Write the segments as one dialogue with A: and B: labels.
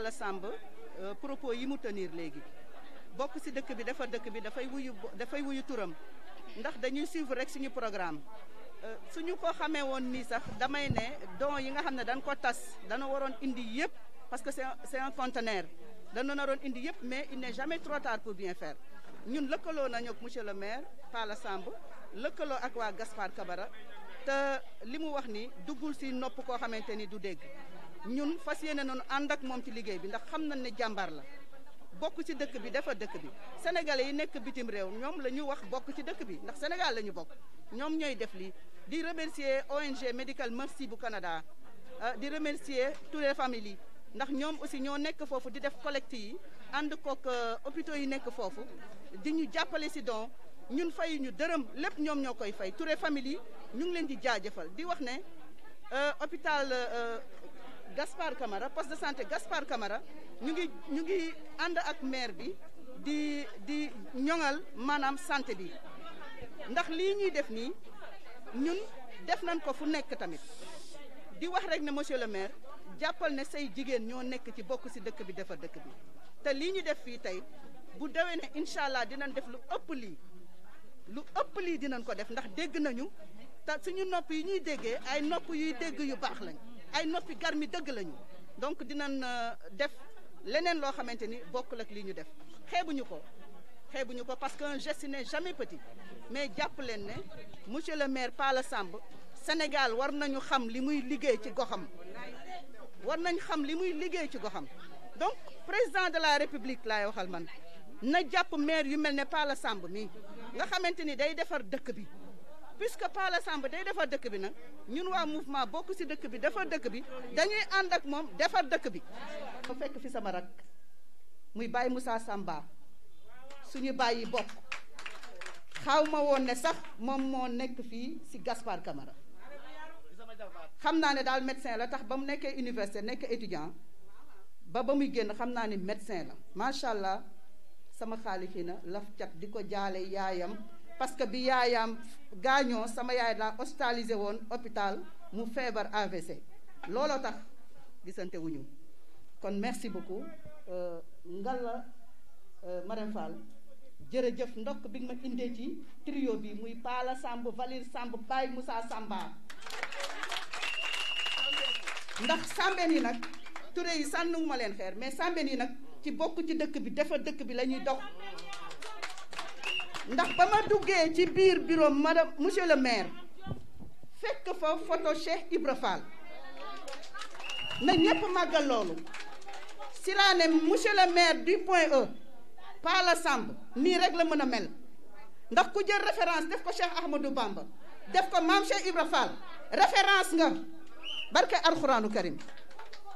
A: Talla Samb euh, propos yi mu tenir léegi bokk ci dëkk bi dafa dëkk bi dafay wuyu dafay wuyu turam ndax dañuy suivre rek suñu programme euh, suñu ko xamee woon nii sax damay ne don yi nga xam ne dañ ko tas danoo waroon indi yépp parce que c'est c'est un conteneur dana naroon indi yépp mais il n'est jamais pour bien faire ñun lëkkaloo nañu ak monsieur le maire Talla Samb lëkkaloo ak waa Gaspard Kabara te li mu wax ni duggul si nopp koo xamante ni du dégg ñun fas yéene nañu ànd ak moom ci liggéey bi ndax xam nañ ne jàmbaar la bokk ci dëkk bi dafa dëkk bi sénégalais yi nekk bitim réew ñoom la ñu wax bokk ci dëkk bi ndax Sénégal la ñu bokk ñoom ñooy def lii di remercier ONG médical Mercy bu Canada euh, di remercier toutes les familles ndax ñoom aussi ñoo nekk foofu di def collecte yi ànd kook opito euh, yi nekk foofu di ñu jàppale si don ñun fay ñu dërëm lépp ñoom ñoo koy fay Touré famille yi ñu ngi leen di jaajëfal di wax ne euh, hôpital Gaspard Camara poste de santé gaspar Camara ñu ngi ñu ngi ànd ak maire bi di di ñoŋal maanaam santé bi ndax lii ñuy def nii ñun def nañ ko fu nekk tamit di wax rek ne monsieur le maire jàppal ne say jigéen ñoo nekk ci bokk si dëkk bi defar dëkk bi te lii ñu def fii tey bu dawee ne incha allah dinañ def lu ëpp lii lu ëpp lii dinañ ko def ndax dégg nañu te suñu nopp yi ñuy déggee ay nopp yuy dégg yu baax lañ ay noppi garmi dëgg lañu donc dinañ euh, def leneen loo xamante ni bokkul ak li ñu def xeebuñu ko xeebuñu ko parce que geste n'est jamais petit mais jàpp leen ne monsieur le maire Pala Samb Sénégal war nañu xam li muy liggéey ci goxam war nañ xam li muy liggéey ci goxam donc président de la république laay waxal man na jàpp maire yu mel ne Pala Samb mi nga xamante ni day defar dëkk bi puisque Palla Samb day defar dëkk bi nag ñun waa mouvement bokk ci dëkk bi defar dëkk bi dañuy ànd ak moom defar dëkk bi. ma fekk fi sama rak muy Baye Moussa Samba suñu bàyyi bokk xaw ma woon ne sax moom moo nekk fii ci Gaspard Camara xam naa ne daal médecin la tax ba mu nekkee université nekk étudiant ba ba muy génn xam naa ni médecin la macha allah sama xaalis na laf cat di ko jaale yaayam. parce que bi yaayam gaañoo sama yaay laa hospitalisé woon hôpital mu feebar AVC looloo tax gisante kon merci beaucoup euh, Ngalla euh, Marème Fall jërëjëf ndokk bi ma indee ci trio bi muy Paala Samb Valir Samb Baye Moussa Samba ndax sàmbeen yi nag ture yi sànnuwuma leen xeer mais sàmbeen yi nag ci bokk ci dëkk bi defar dëkk bi lañuy ñuy dox ndax ba ma duggee ci biir bureau madame monsieur le maire fekk fa photo Cheikh Ibra Fall na ñépp màggal loolu Sirane monsieur le maire du point E Pala Samb nii rek la mën a mel ndax ku jël référence def ko Cheikh Ahmadou Bamba def ko maam Cheikh Ibra Fall référence nga barke alxuraanu karim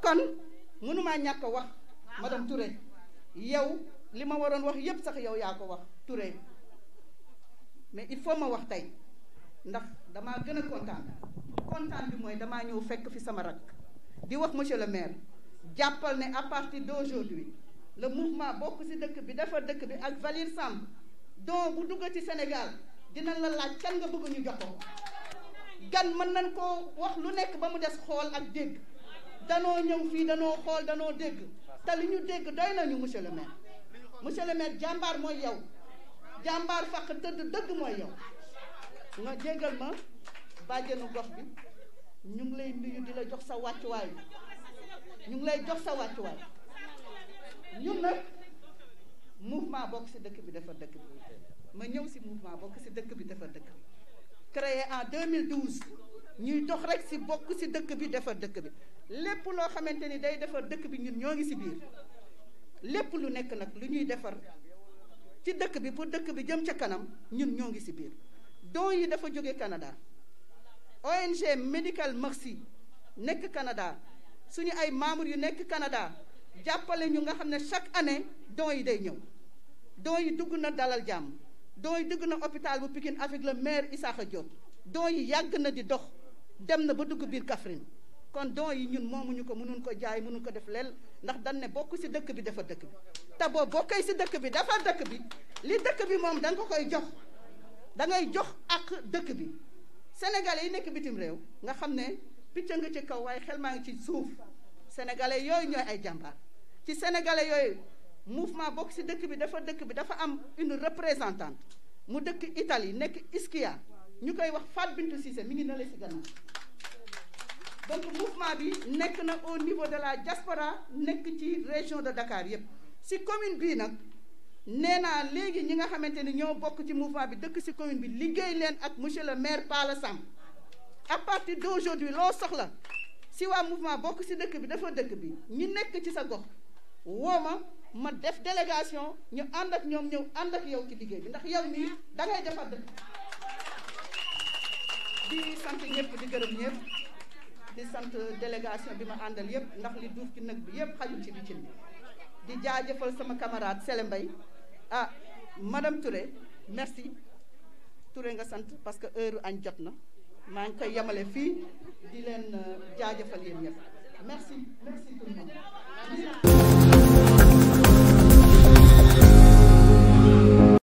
A: kon mënumaa ñàkk wax madame Touré yow li ma waroon wax yépp sax yow yaa ko wax Touré mais il faut ma wax tey ndax damaa gën a kontaan kontaan bi mooy damaa ñëw fekk fi sama rakk di wax monsieur le maire jàppal ne à partir d'aujourd'hui le mouvement bokk ci dëkk bi defar dëkk bi ak Valir sàmm don bu dugg ci Sénégal dina la laaj kan nga bëgg ñu jox ko gan mën nañ koo wax lu nekk ba mu des xool ak dégg danoo ñëw fii danoo xool danoo dégg te li ñu dégg doy nañu monsieur le maire monsieur le maire jàmbaar mooy yow jàmbaar faq tëdd dëgg mooy yow nga jéggal ma bàjjenu gox bi ñu ngi lay nuyu di la jox sa wàccuwaay ñu ngi lay jox sa wàccuwaay ñun nag mouvement bokk ci dëkk bi defar dëkk bi ma ñëw ci mouvement bokk ci dëkk bi defar dëkk bi créé en 2012 ñuy dox rek si bokk si dëkk bi defar dëkk bi lépp loo xamante ni day defar dëkk bi ñun ñoo ngi si biir lépp lu nekk nag lu ñuy defar ci dëkk bi pour dëkk bi jëm ca kanam ñun ñoo ngi si biir don yi dafa jóge Canada ONG Medical Mercy nekk Canada suñu ay membres yu nekk Canada jàppale ñu nga xam ne chaque année don yi day ñëw don yi dugg na dalal jàmm don yi dugg na hôpital bu Pikine avec le maire Issakha Diop don yi yàgg na di dox dem na ba dugg biir Kaffrine kon don yi ñun moomuñu ko mënuñ ko jaay mënuñ ko def leel ndax dañ ne bokk ci dëkk bi dafa dëkk bi te boo bokkee ci dëkk bi dafa dëkk bi li dëkk bi moom da ko koy jox da ngay jox ak dëkk bi sénégalais yi nekk bitim réew nga xam ne picc nga ci kaw waaye xel maa ngi ci suuf sénégalais yooyu ñooy ay jàmbaar ci sénégalais yooyu mouvement bokk ci dëkk bi dafa dëkk bi dafa am une représentante mu dëkk Italie nekk Ischia ñu koy wax Fatou Bintou Cissé mi ngi na la donc mouvement bi nekk na au niveau de la diaspora nekk ci région de Dakar yépp si commune bii nag nee naa léegi ñi nga xamante ni ñoo bokk ci mouvement bi dëkk si commune bi liggéey leen ak monsieur le maire Pala Samb à partir d'aujourd'hui loo soxla si waa mouvement bokk si dëkk bi dafa dëkk bi ñi nekk ci sa gox woo ma ma def délégation ñu ànd ak ñoom ñëw ànd ak yow ci liggéey bi ndax yow nii da ngay defar di sant ñëpp di gërëm ñëpp di sant délégation bi ma àndal yëpp ndax li duuf ci nag bi yëpp xajul ci bi cin di jaajëfal sama camarade Sele mbay ah madame Touré merci Touré nga sant parce que heure añ jot na maa ngi koy yemale fii di leen euh, jaajëfal yéen ñëpp merci merci tout le